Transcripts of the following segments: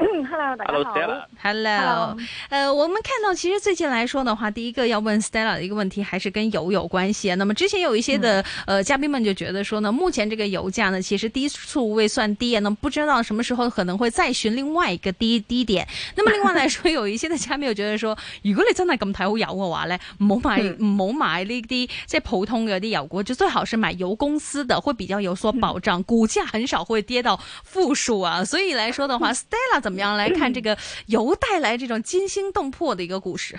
Hello，大家好。Hello，呃 Stella.，uh, 我們看到其實最近來說的話，第一個要問 Stella 的一個問題，還是跟油有關係啊。那麼之前有一些的，嗯、呃，嘉賓們就覺得說呢，目前這個油價呢，其實低處未算低啊，那不知道什麼時候可能會再尋另外一個低低點。那麼另外來說， 有一些的嘉賓又覺得說， 如果你真的咁睇好油嘅話咧，唔好買唔好，嗯、買呢啲即係普通嘅啲油股，就最好是買油公司的，會比較有所保障，嗯，股價很少會跌到負數啊。所以來說的話，Stella。 怎樣來看這個油帶來這種驚心動魄的一個故事？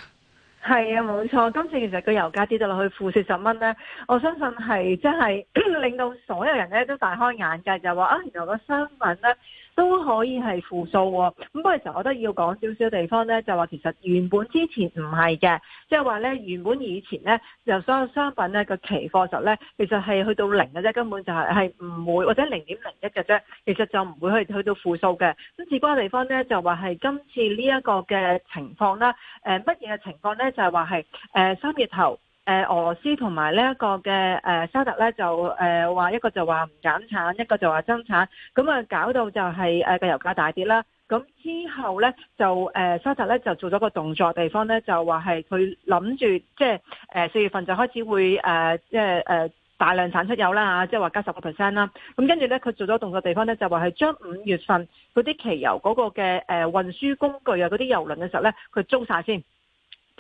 係啊，冇 錯，今次其實個油價跌到落去負四十蚊呢，我相信係真係令到所有人咧都大開眼界，就話啊，原來個商品呢。都可以係負數喎，咁不過其實我覺得要講少少地方咧，就話其實原本之前唔係嘅，即係話咧原本以前咧就所有商品咧個期貨就咧，其實係去到零嘅啫，根本就係係唔會或者零點零一嘅啫，其實就唔會去去到負數嘅。咁至關個地方咧就話係今次、呃、呢一個嘅情況啦，誒乜嘢嘅情況咧就係話係誒三月頭。誒，俄羅斯同埋呢一個嘅、誒沙特咧就誒話一個就話唔減產，一個就話增產，咁啊搞到就係誒個油價大跌啦。咁之後咧就誒沙特咧就做咗個動作，地方咧就話係佢諗住即係誒四月份就開始會誒即係誒大量產出油啦，吓，即係話加十、嗯、個 percent 啦。咁跟住咧佢做咗動作，地方咧就話係將五月份嗰啲汽油嗰個嘅誒運輸工具啊，嗰啲油輪嘅時候咧，佢租晒先。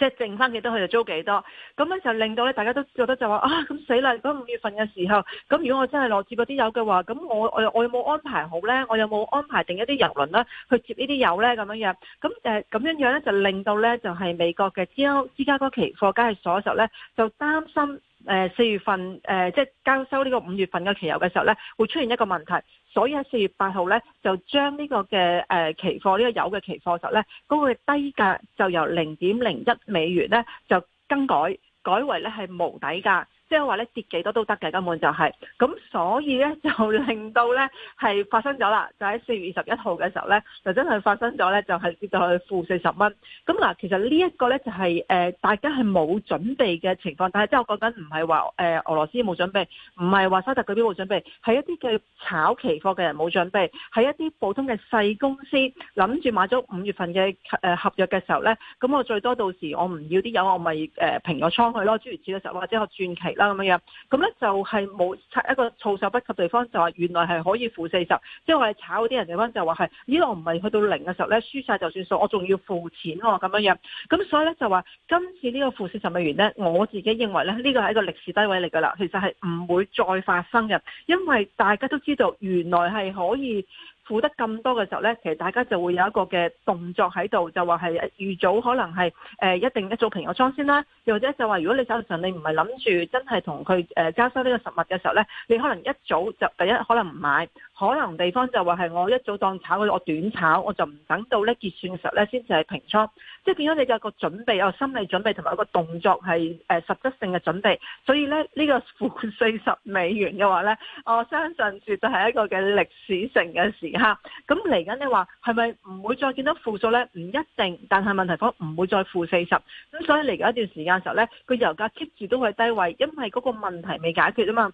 即係剩翻幾多，佢就租幾多。咁樣就令到咧，大家都覺得就話啊，咁死啦！咁五月份嘅時候，咁如果我真係落住嗰啲油嘅話，咁我我我有冇安排好咧？我有冇安排定一啲油輪咧去接呢啲油咧？咁樣樣，咁誒咁樣樣咧，就令到咧就係美國嘅芝歐芝加哥期貨交易所咧，時候就擔心。誒四、呃、月份誒、呃、即係交收呢個五月份嘅期油嘅時候咧，會出現一個問題，所以喺四月八號咧就將、呃這個、呢、那個嘅誒期貨呢個油嘅期貨嘅時候咧，嗰個低價就由零點零一美元咧就更改改為咧係無底價。即係話咧跌幾多都得嘅，根本就係、是、咁，所以咧就令到咧係發生咗啦。就喺、是、四月二十一號嘅時候咧，就真係發生咗咧，就係、是、跌到去負四十蚊。咁嗱，其實呢一個咧就係、是、誒、呃、大家係冇準備嘅情況，但係即係我講緊唔係話誒俄羅斯冇準備，唔係話沙特嗰邊冇準備，係一啲嘅炒期貨嘅人冇準備，係一啲普通嘅細公司諗住買咗五月份嘅誒合約嘅時候咧，咁我最多到時我唔要啲油，我咪誒、呃、平咗倉去咯。諸如此類嘅時候，或者我轉期。咁樣 樣，咁咧就係冇一個措手不及地方，就話原來係可以負四十，即係我係炒嗰啲人地方就話係，呢個唔係去到零嘅時候咧，輸晒就算數，我仲要付錢喎咁樣樣，咁所以咧就話今次呢個負四十美元咧，我自己認為咧呢個係一個歷史低位嚟㗎喇，其實係唔會再發生嘅，因為大家都知道原來係可以，負得咁多嘅時候呢，其實大家就會有一個嘅動作喺度，就話係預早可能係誒、呃、一定一早平咗倉先啦，又或者就話如果你手上你唔係諗住真係同佢誒交收呢個實物嘅時候呢，你可能一早就第一可能唔買，可能地方就話係我一早當炒，我短炒，我就唔等到呢結算嘅時候呢先至係平倉，即係變咗你有個準備，有心理準備同埋一個動作係誒、呃、實質性嘅準備，所以呢，呢、這個負四十美元嘅話呢，我相信絕對係一個嘅歷史性嘅時間。吓，咁嚟緊你話係咪唔會再見到負數呢？唔一定，但係問題係唔會再負四十。咁所以嚟緊一段時間嘅時候呢，佢油價 keep 住都係低位，因為嗰個問題未解決啊嘛。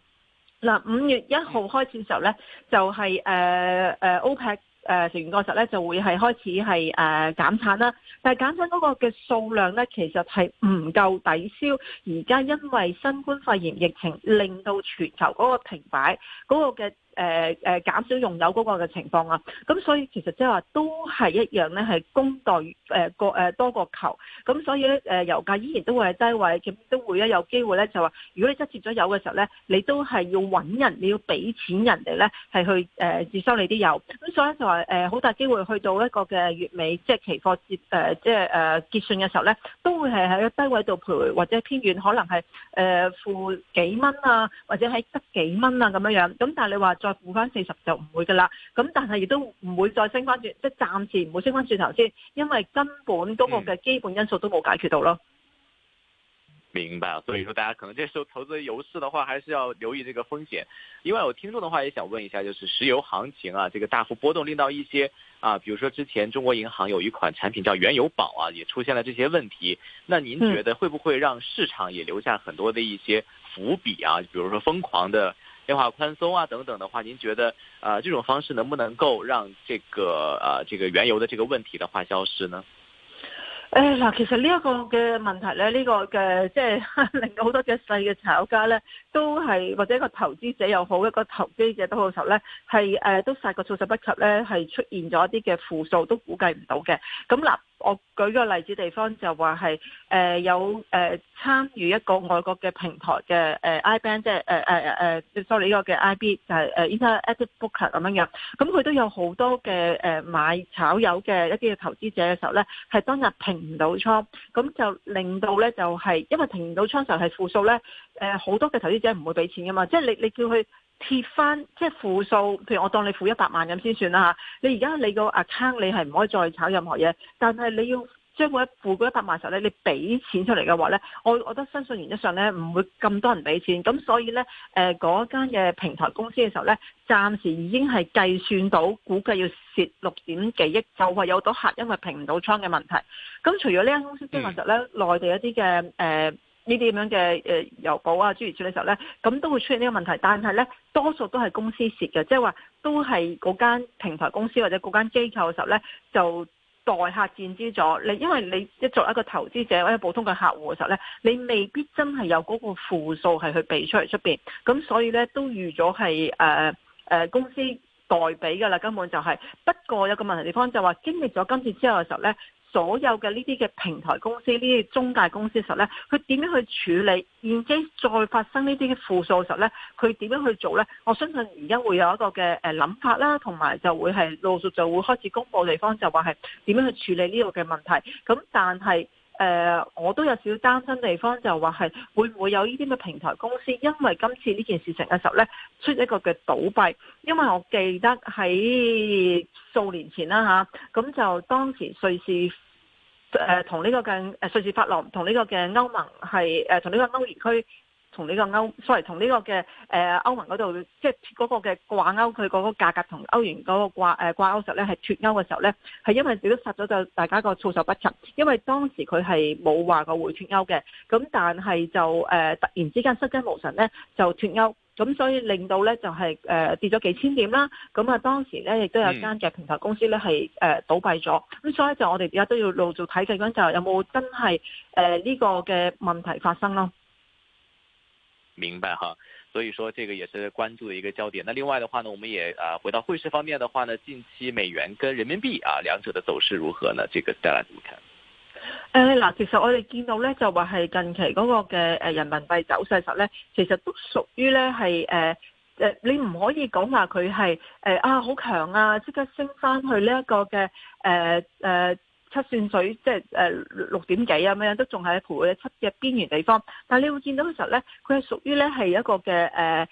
嗱、啊，五月一號開始嘅時候呢，就係、是、誒誒、呃呃、，OPEC 誒、呃、成員嘅時候呢就會係開始係誒減產啦。但係減產嗰個嘅數量呢，其實係唔夠抵消而家因為新冠肺炎疫情令到全球嗰個停擺嗰、那個嘅。誒誒減少用油嗰個嘅情況啊，咁所以其實即係話都係一樣咧，係供待誒過誒多過求，咁所以咧誒、呃、油價依然都會係低位，都會咧有機會咧就話，如果你質接咗油嘅時候咧，你都係要揾人，你要俾錢人哋咧係去誒接、呃、收你啲油，咁所以就話誒好大機會去到一個嘅月尾，即係期貨、呃呃、結誒即係誒結算嘅時候咧，都會係喺個低位度賠，或者偏遠可能係誒負幾蚊啊，或者係得幾蚊啊咁樣樣，咁但係你話。補翻四十就唔會噶啦，咁但係亦都唔會再升翻轉，即係暫時唔會升翻轉頭先，因為根本嗰個嘅基本因素都冇解決到咯、嗯。明白，所以說大家可能這時候投資油市的話，還是要留意這個風險。另外，我聽眾的話也想問一下，就是石油行情啊，這個大幅波動令到一些啊，比如說之前中國銀行有一款產品叫原油寶啊，也出現了這些問題。那您覺得會不會讓市場也留下很多的一些伏筆啊？比如說瘋狂的。量化寬鬆啊等等的話，您覺得啊、呃、這種方式能不能夠讓這個啊、呃、這個原油的這個問題的話消失呢？誒嗱、哎，其實呢、這個、的的呢一個嘅問題咧，呢個嘅即係令到好多隻細嘅炒家咧，都係或者個投資者又好，一個投機者，好投者好都好實咧，係、呃、誒都殺個措手不及咧，係出現咗一啲嘅負數都估計唔到嘅，咁、嗯、嗱。我舉個例子，地方就話係誒有誒、呃、參與一個外國嘅平台嘅誒、呃、I band，即係誒誒誒，sorry 呢個嘅 IB，就係誒 Interactive Broker 咁樣樣。咁、嗯、佢都有好多嘅誒、呃、買炒油嘅一啲嘅投資者嘅時候咧，係當日停唔到倉，咁、嗯、就令到咧就係、是、因為停唔到倉就係負數咧，誒、呃、好多嘅投資者唔會俾錢㗎嘛，即係你你叫佢。貼翻即係負數，譬如我當你負一百萬咁先算啦吓。你而家你個 account 你係唔可以再炒任何嘢，但係你要將嗰一負嗰一百萬嘅時候咧，你俾錢出嚟嘅話咧，我我覺得相信原則上咧唔會咁多人俾錢，咁所以咧誒嗰間嘅平台公司嘅時候咧，暫時已經係計算到估計要蝕六點幾億，就話有到客因為平唔到倉嘅問題。咁除咗呢間公司之外，其實咧內地一啲嘅誒。呃呢啲咁樣嘅誒油寶啊、諸如處理嘅時候咧，咁都會出現呢個問題。但係咧，多數都係公司蝕嘅，即係話都係嗰間平台公司或者嗰間機構嘅時候咧，就代客賤資咗。你因為你一作為一個投資者或者普通嘅客戶嘅時候咧，你未必真係有嗰個負數係去俾出嚟出邊。咁所以咧都預咗係誒誒公司代俾噶啦，根本就係、是。不過有個問題地方就話經歷咗今次之後嘅時候咧。所有嘅呢啲嘅平台公司、呢啲中介公司嘅時候呢，佢點樣去處理？然之再發生呢啲嘅負數嘅時候呢，佢點樣去做呢？我相信而家會有一個嘅誒諗法啦，同埋就會係陸續就會開始公布地方，就話係點樣去處理呢個嘅問題。咁但係誒、呃，我都有少少擔心地方，就話係會唔會有呢啲嘅平台公司，因為今次呢件事情嘅時候呢，出一個嘅倒閉。因為我記得喺數年前啦吓，咁就當時瑞士誒同呢個嘅、呃、瑞士法郎，同呢個嘅歐盟係誒同呢個歐元區，同呢個歐，sorry，同呢個嘅誒、呃、歐盟嗰度，即係嗰個嘅掛鈎，佢嗰個價格同歐元嗰個掛誒、呃、掛鈎時候咧係脫鈎嘅時候咧，係因為自己殺咗就大家個措手不及，因為當時佢係冇話個會脫鈎嘅，咁但係就誒、呃、突然之間失驚無神咧就脫鈎。咁、嗯、所以令到咧就係、是、誒、呃、跌咗幾千點啦，咁啊當時咧亦都有間嘅平台公司咧係誒倒閉咗，咁、嗯嗯嗯嗯嗯、所以就我哋而家都要陸續睇睇，究竟有冇真係誒呢個嘅問題發生咯？明白哈，所以說這個也是關注嘅一個焦點。那另外的話呢，我們也啊回到匯市方面的話呢，近期美元跟人民幣啊兩者的走勢如何呢？這個大家怎麼看？誒，嗱、呃，其實我哋見到咧，就話係近期嗰個嘅誒人民幣走勢時候咧，其實都屬於咧係誒誒，你唔可以講話佢係誒啊好強啊，即、啊、刻升翻去呢一個嘅誒誒七算水，即係誒、呃、六點幾啊，咁樣都仲喺徘徊喺七嘅邊緣地方。但係你會見到嘅時候咧，佢係屬於咧係一個嘅誒。呃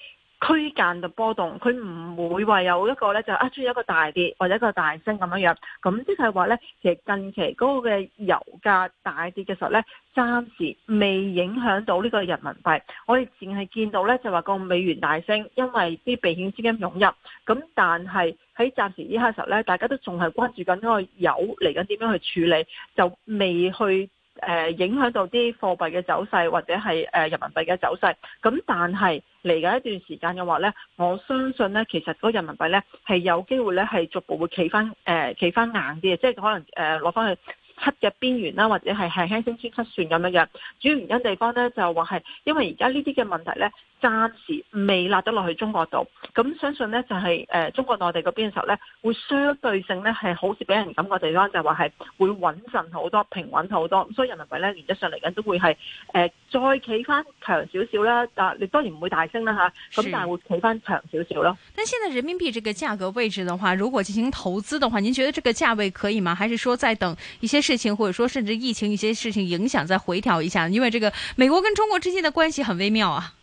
區間嘅波動，佢唔會話有一個咧就啊出現一個大跌或者一個大升咁樣樣，咁即係話咧其實近期嗰個嘅油價大跌嘅時候咧，暫時未影響到呢個人民幣。我哋淨係見到咧就話個美元大升，因為啲避險資金湧入。咁但係喺暫時呢刻時候咧，大家都仲係關注緊呢個油嚟緊點樣去處理，就未去。誒影響到啲貨幣嘅走勢或者係誒人民幣嘅走勢，咁但係嚟緊一段時間嘅話咧，我相信咧其實個人民幣咧係有機會咧係逐步會企翻誒企翻硬啲嘅，即係可能誒攞翻去七嘅邊緣啦，melhores, 或者係輕輕鬆鬆測算咁樣嘅。主要原因地方咧就話係因為而家呢啲嘅問題咧。暫時未落得落去中國度，咁、嗯、相信呢，就係、是、誒、呃、中國內地嗰邊嘅時候呢，會相對性呢，係好似俾人感覺地方就話、是、係會穩陣好多、平穩好多，咁所以人民幣呢，原則上嚟緊都會係誒、呃、再企翻強少少啦，但你當然唔會大升啦吓，咁、啊、但係會企翻強少少咯。是但現在人民幣這個價格位置的話，如果進行投資的話，您覺得這個價位可以嗎？還是說再等一些事情，或者說甚至疫情一些事情影響再回調一下？因為這個美國跟中國之間的關係很微妙啊。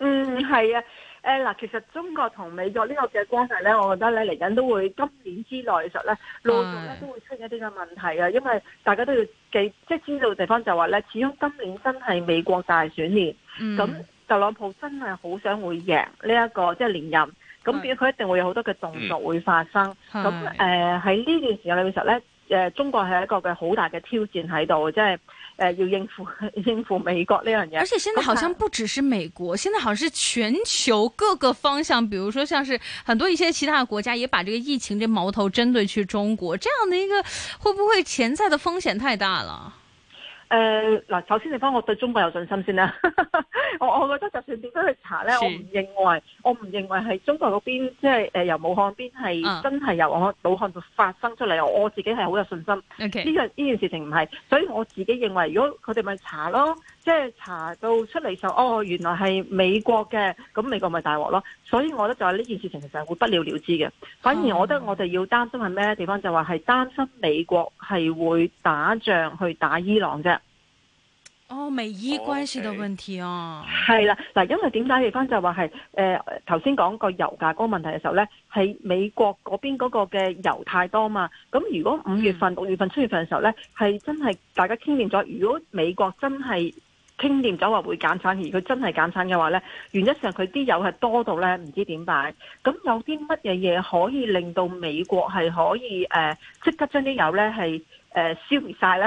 嗯，係啊，誒、呃、嗱，其實中國同美國呢個嘅關係咧，我覺得咧嚟緊都會今年之內嘅時候咧，路上都會出現一啲嘅問題嘅，因為大家都要記，即係知道嘅地方就話、是、咧，始終今年真係美國大選年，咁、嗯、特朗普真係好想會贏呢、這、一個即係、就是、連任，咁變咗佢一定會有好多嘅動作會發生，咁誒喺呢段時間裏面嘅時候咧，誒、呃、中國係一個嘅好大嘅挑戰喺度，即係。誒、呃，要應付應付美國呢樣嘢，而且現在好像不只是美國，Okay. 現在好像是全球各個方向，比如說像是很多一些其他的國家也把這個疫情這矛頭針對去中國，這樣的，一個會不會潛在的風險太大了？誒嗱，uh, 首先你講我對中國有信心先啦 我我覺得就算點樣去查咧，是我唔認為，我唔認為係中國嗰邊，即係誒由武漢邊係真係由武漢、老漢度發生出嚟，我自己係好有信心。呢 Okay.、呢個呢件事情唔係，所以我自己認為，如果佢哋咪查咯。即係查到出嚟就哦，原來係美國嘅，咁、嗯、美國咪大鑊咯。所以我覺得就係呢件事情其實係會不了了之嘅。反而我覺得我哋要擔心係咩地方就話係擔心美國係會打仗去打伊朗啫。哦，美伊關係嘅問題哦、啊，係啦，嗱，因為點解？地方就話係誒，頭先講個油價嗰個問題嘅時候呢，係美國嗰邊嗰個嘅油太多嘛。咁如果五月份、六、嗯、月份、七月份嘅時候呢，係真係大家傾掂咗。如果美國真係傾掂咗話會減產，而佢真係減產嘅話呢，原則上佢啲油係多到呢，唔知點解。咁有啲乜嘢嘢可以令到美國係可以誒、呃、即刻將啲油呢係誒消滅晒呢？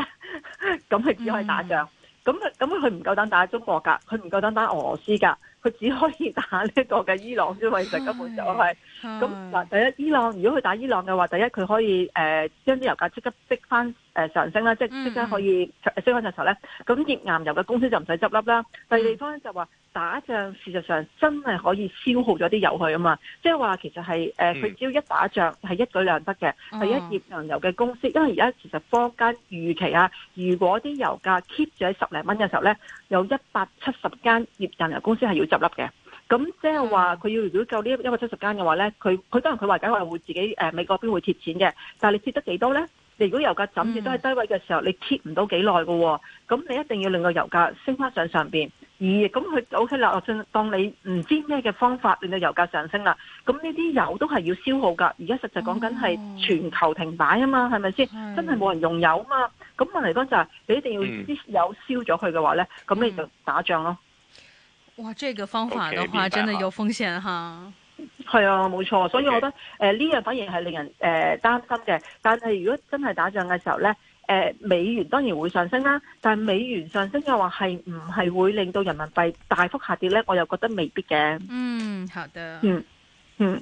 咁 佢只可以打仗，咁咁佢唔夠膽打中國㗎，佢唔夠膽打俄羅斯㗎，佢只可以打呢個嘅伊朗啫。其實根本就係咁嗱，mm. 第一伊朗，如果佢打伊朗嘅話，第一佢可以誒將啲油價即刻逼翻。誒、呃、上升啦，即係即刻可以釋放石油咧。咁頁岩油嘅公司就唔使執笠啦。第二、嗯、地方就話打仗，事實上真係可以消耗咗啲油去啊嘛。即係話其實係誒，佢、呃嗯、只要一打仗係一舉兩得嘅，係頁岩油嘅公司。因為而家其實坊間預期啊，如果啲油價 keep 咗喺十零蚊嘅時候咧，有一百七十間頁岩油公司係要執笠嘅。咁即係話佢要如果救呢一百七十間嘅話咧，佢佢當然佢話緊話會自己誒、呃、美國邊會貼錢嘅，但係你貼得幾多咧？你如果油價枕住都係低位嘅時候，嗯、你貼唔到幾耐嘅，咁你一定要令個油價升翻上上邊。而咁佢 O K 啦，就算、OK、當你唔知咩嘅方法令到油價上升啦，咁呢啲油都係要消耗噶。而家實際講緊係全球停擺啊嘛，係咪先？是是嗯、真係冇人用油啊嘛。咁問題嚟講就係你一定要啲油燒咗佢嘅話咧，咁、嗯、你就打仗咯。哇，這個方法嘅話，okay，真係有風險哈。係啊，冇錯，所以我覺得誒呢、呃、樣反而係令人誒擔、呃、心嘅。但係如果真係打仗嘅時候呢，誒、呃、美元當然會上升啦。但係美元上升嘅話，係唔係會令到人民幣大幅下跌呢？我又覺得未必嘅。嗯，好的。嗯，嗯。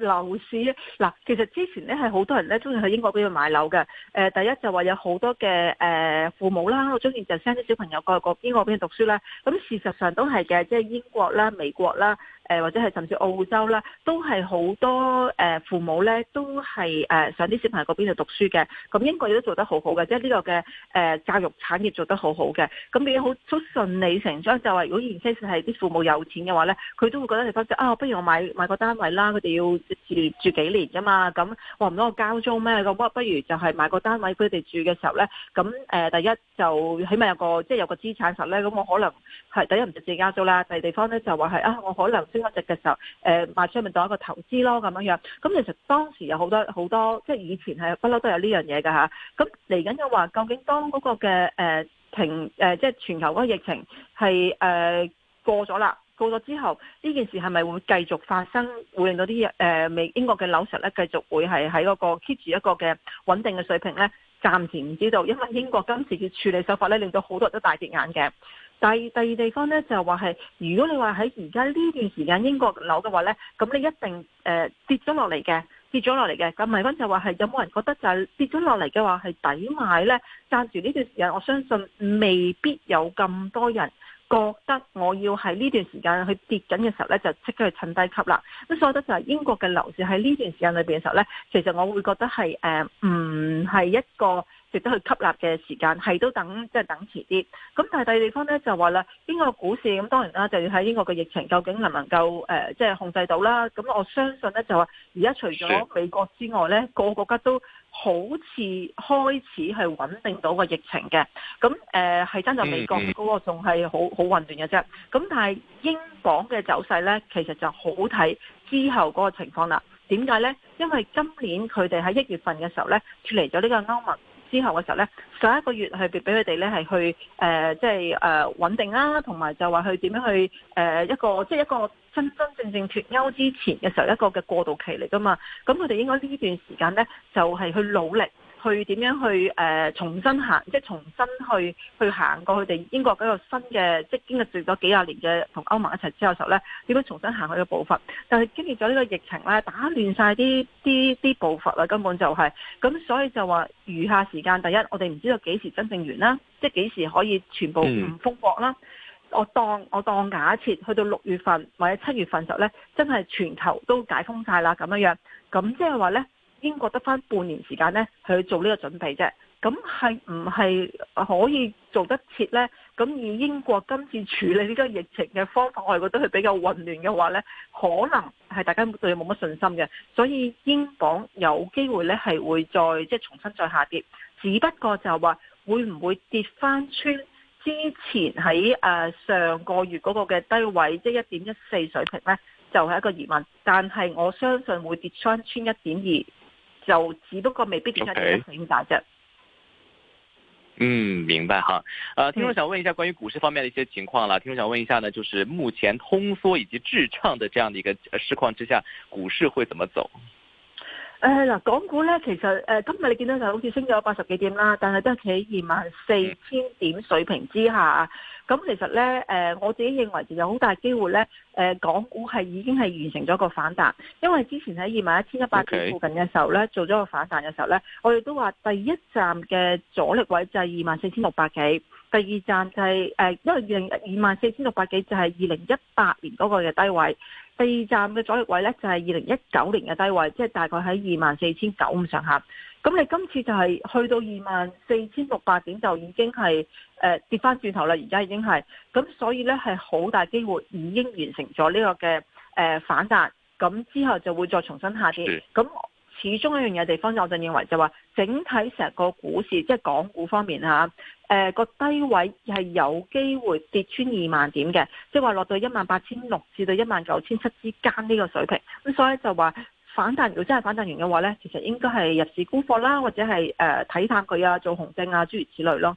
樓市嗱，其實之前咧係好多人咧中意去英國邊度買樓嘅。誒、呃，第一就話有好多嘅誒、呃、父母啦，中意就 send 啲小朋友過過英國邊度讀書啦。咁、嗯、事實上都係嘅，即係英國啦、美國啦。誒或者係甚至澳洲啦，都係好多誒父母咧，都係誒上啲小朋友嗰邊度讀書嘅。咁英國亦都做得好好嘅，即係呢個嘅誒教育產業做得好好嘅。咁你好好順理成章，就話如果現時係啲父母有錢嘅話咧，佢都會覺得你多啲啊，不如我買買個單位啦，佢哋要住住幾年㗎嘛。咁話唔通我交租咩？咁不如就係買個單位俾佢哋住嘅時候咧。咁誒第一就起碼有個即係、就是、有個資產實咧。咁我可能係第一唔直接交租啦，第二地方咧就話係啊，我可能，升值嘅時候，誒賣出咪當一個投資咯咁樣樣。咁其實當時有好多好多，即係以前係不嬲都有呢樣嘢㗎吓。咁嚟緊又話，究竟當嗰個嘅誒、呃、停誒、呃，即係全球嗰個疫情係誒過咗啦，過咗之後呢件事係咪會繼續發生，會令到啲誒美英國嘅樓實咧繼續會係喺嗰個 keep 住一個嘅穩定嘅水平咧？暫時唔知道，因為英國今次嘅處理手法咧，令到好多人都大跌眼鏡。第第二地方咧就話係，如果你話喺而家呢段時間英國樓嘅話咧，咁你一定誒跌咗落嚟嘅，跌咗落嚟嘅。咁咪翻就話係有冇人覺得就係跌咗落嚟嘅話係抵買咧？暫時呢段時間，我相信未必有咁多人覺得我要喺呢段時間去跌緊嘅時候咧，就即刻去趁低吸啦。咁所以我覺得就係英國嘅樓市喺呢段時間裏邊嘅時候咧，其實我會覺得係誒唔係一個值得去吸納嘅時間係都等，即係等遲啲。咁但係第二地方咧就話啦，英國股市咁當然啦，就要睇英國嘅疫情究竟能唔能夠誒、呃，即係控制到啦。咁我相信咧就話，而家除咗美國之外咧，個個國家都好似開始係穩定到個疫情嘅。咁誒係真就美國嗰個仲係好好混亂嘅啫。咁但係英鎊嘅走勢咧，其實就好睇之後嗰個情況啦。點解咧？因為今年佢哋喺一月份嘅時候咧，脱離咗呢個歐盟。之後嘅時候呢，上一個月係俾佢哋呢係去誒，即係誒穩定啦、啊，同埋就話去點樣去誒、呃、一個，即、就、係、是、一個真真正正脱歐之前嘅時候一個嘅過渡期嚟㗎嘛，咁佢哋應該呢段時間呢，就係、是、去努力。去點樣去誒、呃、重新行，即係重新去去行過佢哋英國嗰個新嘅，即係經歷住咗幾廿年嘅同歐盟一齊之後嘅時候咧，點樣重新行佢嘅步伐？但係經歷咗呢個疫情咧，打亂晒啲啲啲步伐啦，根本就係、是、咁，所以就話餘下時間，第一我哋唔知道幾時真正完啦，即係幾時可以全部唔封國啦？嗯、我當我當假設去到六月份或者七月份就咧，真係全球都解封晒啦咁樣樣，咁即係話咧。英國得翻半年時間咧去做呢個準備啫，咁係唔係可以做得切呢？咁以英國今次處理呢個疫情嘅方法，我係覺得佢比較混亂嘅話呢，可能係大家對佢冇乜信心嘅，所以英鎊有機會呢係會再即係、就是、重新再下跌，只不過就話會唔會跌翻穿之前喺誒上個月嗰個嘅低位，即係一點一四水平呢，就係、是、一個疑問。但係我相信會跌穿穿一點二。就只不過未必點解。嗯，明白哈。呃，聽眾想問一下關於股市方面的一些情況了。聽眾想問一下呢，就是目前通縮以及滯脹的這樣的一個呃市況之下，股市會怎麼走？誒嗱，uh, 港股咧，其實誒、呃，今日你見到就好似升咗八十幾點啦，但係都係企喺二萬四千點水平之下。咁 Okay. 其實咧，誒、呃，我自己認為就有好大機會咧，誒、呃，港股係已經係完成咗個反彈，因為之前喺二萬一千一百幾附近嘅時候咧，Okay. 做咗個反彈嘅時候咧，我哋都話第一站嘅阻力位就係二萬四千六百幾，第二站就係、是、誒，因為二萬四千六百幾就係二零一八年嗰個嘅低位。四站嘅阻力位呢，就係二零一九年嘅低位，即係大概喺二萬四千九五上下。咁你今次就係去到二萬四千六百點就已經係誒、呃、跌翻轉頭啦，而家已經係咁，所以呢係好大機會已經完成咗呢個嘅誒、呃、反彈，咁之後就會再重新下跌。的始終一樣嘢地方，我就認為就話整體成個股市，即係港股方面嚇，誒、呃、個低位係有機會跌穿二萬點嘅，即係話落到一萬八千六至到一萬九千七之間呢個水平。咁所以就話反彈，如果真係反彈完嘅話呢，其實應該係入市沽貨啦，或者係誒睇淡佢啊，做紅證啊，諸如此類咯。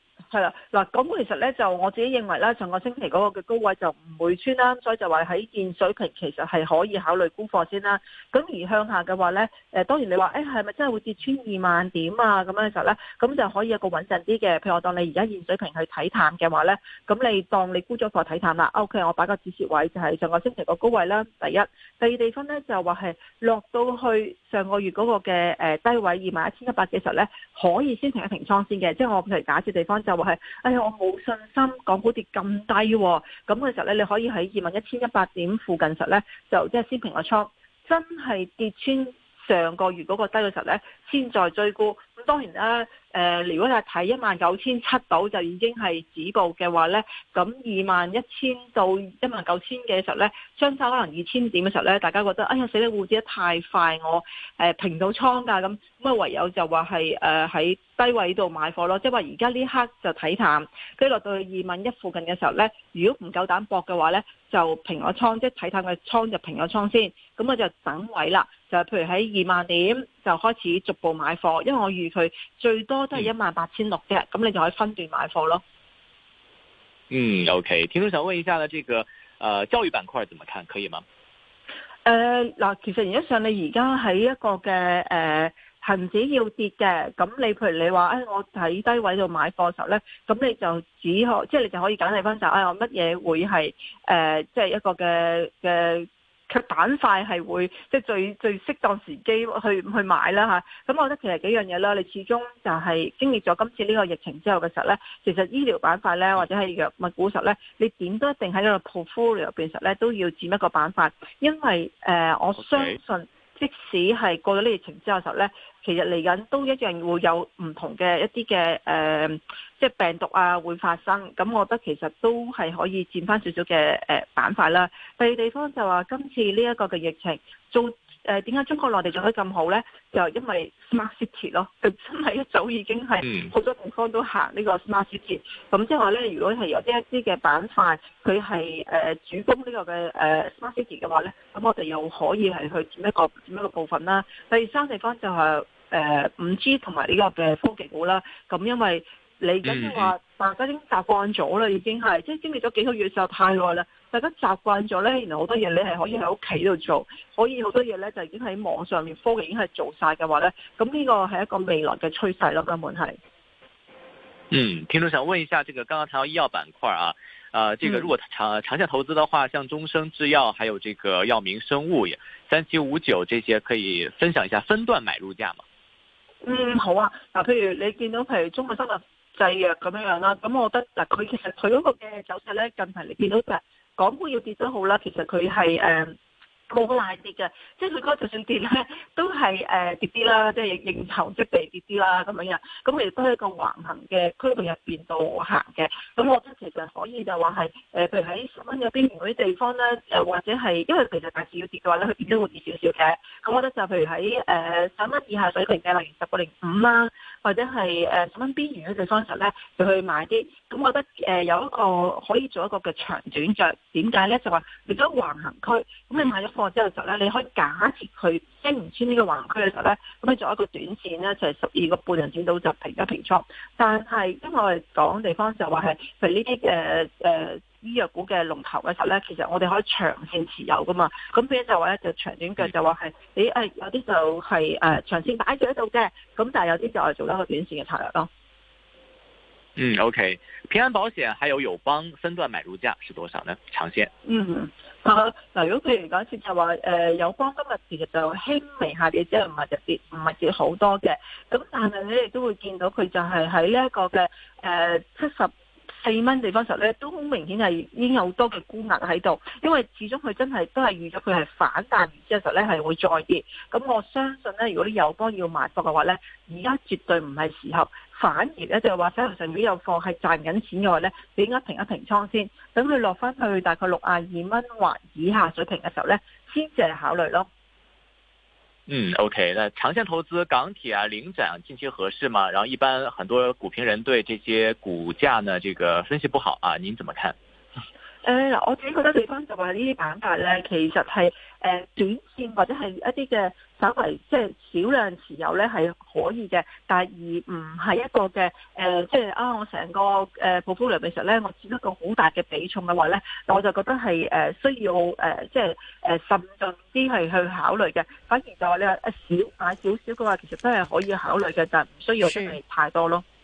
係啦，嗱咁、嗯、其實咧就我自己認為咧，上個星期嗰個嘅高位就唔會穿啦，所以就話喺現水平其實係可以考慮沽貨先啦。咁而向下嘅話咧，誒當然你話，誒係咪真係會跌穿二萬點啊？咁樣嘅時候咧，咁就可以有一個穩陣啲嘅，譬如我當你而家現水平去睇淡嘅話咧，咁你當你沽咗貨睇淡啦。O、OK, K，我擺個止蝕位就係、是、上個星期個高位啦。第一，第二地方咧就話係落到去上個月嗰個嘅誒低位二萬一千一百幾嘅時候咧，可以先停一停倉先嘅。即係我譬如假設地方就。係，哎呀，我冇信心，港股跌咁低，哦，咁嘅時候咧，你可以喺二萬一千一百點附近時候咧，就即係先平個倉，真係跌穿上個月嗰個低嘅時候咧，先再追沽。當然啦，誒、呃，如果你係睇一萬九千七到就已經係止步嘅話咧，咁二萬一千到一萬九千嘅時候咧，相差可能二千點嘅時候咧，大家覺得哎呀，死老虎跌得太快，我誒、呃、平到倉㗎，咁咁啊唯有就話係誒喺低位度買貨咯，即係話而家呢刻就睇淡，跟住落到去二萬一附近嘅時候咧，如果唔夠膽搏嘅話咧，就平咗倉，即係睇淡嘅倉就平咗倉先，咁我就等位啦。就譬如喺二萬點就開始逐步買貨，因為我預佢最多都係一萬八千六啫，咁、嗯、你就可以分段買貨咯。嗯，OK，聽眾想問一下咧，這個呃教育板塊怎麼看，可以嗎？誒嗱、呃，其實而家上你而家喺一個嘅誒恆指要跌嘅，咁你譬如你話誒、哎，我喺低位度買貨嘅時候咧，咁你就只可即係你就可以簡單講就我乜嘢會係誒、呃，即係一個嘅嘅。佢板塊係會即係最最適當時機去去買啦嚇，咁、啊嗯、我覺得其實幾樣嘢啦，你始終就係經歷咗今次呢個疫情之後嘅時候咧，其實醫療板塊咧或者係藥物股實咧，你點都一定喺呢個 portfolio 入邊實咧都要佔一個板塊，因為誒、呃、我相信。Okay. 即使係過咗呢疫情之後嘅時候咧，其實嚟緊都一樣會有唔同嘅一啲嘅誒，即係病毒啊會發生。咁我覺得其實都係可以佔翻少少嘅誒板塊啦。第二地方就話今次呢一個嘅疫情做誒，點解？呃、中國內地做得咁好咧？就因為 smart city 咯，佢真係一早已經係好多地方都行呢個 smart city。咁即係話咧，如果係有啲一啲嘅板塊，佢係誒主攻，這個呃、呢個嘅誒 smart city 嘅話咧，咁我哋又可以係去佔一個佔一個部分啦。第三地方就係誒五 G 同埋呢個嘅科技股啦。咁因為你而家即係話，嗯、大家已經習慣咗啦，已經係即係經歷咗幾個月，就太耐啦。大家習慣咗咧，原來好多嘢你係可以喺屋企度做，可以好多嘢咧就已經喺網上面科技已經係做晒嘅話咧，咁呢個係一個未來嘅趨勢咯，根本係。嗯，聽眾想問一下，這個剛剛談到醫藥板塊啊，啊、呃，這個如果長長線投資的話，像中生製藥，還有這個藥明生物、三七五九這些，可以分享一下分段買入價嘛？嗯，好啊，嗱，譬如你見到譬如中國生物製藥咁樣樣、啊、啦，咁我覺得嗱，佢其實佢嗰個嘅走勢咧近排你見到就係。港股要跌都好啦，其實佢係誒。Uh 冇大跌嘅，即係佢講，就算跌咧，都係誒、呃、跌啲啦，即係應酬即地跌啲啦，咁樣樣。咁佢亦都係一個橫行嘅區域入邊度行嘅。咁我覺得其實可以就話係誒，譬如喺十蚊入邊嗰啲地方咧，誒或者係因為其實大市要跌嘅話咧，佢點都會跌少少嘅。咁我覺得就譬如喺誒十蚊以下水平嘅，例如十個零五啦，或者係誒十蚊邊緣嘅地方時咧，就去買啲。咁我覺得誒、呃、有一個可以做一個嘅長短着。點解咧？就話變咗橫行區，咁你買咗。之後就咧，你可以假設佢升唔穿呢個橫區嘅時候咧，咁你做一個短線咧，就係十二個半人見到就平一平倉。但係，因為我哋講地方就話係，譬如呢啲誒誒醫藥股嘅龍頭嘅時候咧，其實我哋可以長線持有㗎嘛。咁變咗就話咧，就長短腳就話係，誒誒、呃，有啲就係、是、誒、呃、長線擺住喺度啫。咁但係有啲就係做一個短線嘅策略咯。嗯，OK。平安保險還有友邦分段買入價是多少呢？長線？嗯，嗱，啊，如果譬如講，即係話，誒，友邦今日其實就輕微下跌，即係唔係特別，唔係跌好多嘅。咁但係你亦都會見到佢就係喺呢一個嘅誒七十四蚊地方時候咧，都好明顯係已經有多嘅沽壓喺度，因為始終佢真係都係預咗佢係反彈，然之後實咧係會再跌。咁我相信咧，如果啲友邦要買貨嘅話咧，而家絕對唔係時候。反而咧就係話，喺樓上如果有貨係賺緊錢嘅話咧，你應該平一平倉先，等佢落翻去大概六啊二蚊或以下水平嘅時候咧，先至考慮咯。嗯，OK，那長線投資港鐵啊、領展近期合適嘛？然後一般很多股評人對這些股價呢，這個分析不好啊，您怎麼看？誒，嗱、呃，我自己覺得地方就話呢啲板塊咧，其實係誒、呃、短線或者係一啲嘅稍微即係少量持有咧係可以嘅，但係而唔係一個嘅誒，即、呃、係、就是、啊，我成個誒普 o r t f 咧我佔一個好大嘅比重嘅話咧，我就覺得係誒、呃、需要誒、呃、即係誒慎重啲係去考慮嘅。反而就話你啊少買少少嘅話，其實都係可以考慮嘅，但係唔需要真係太多咯。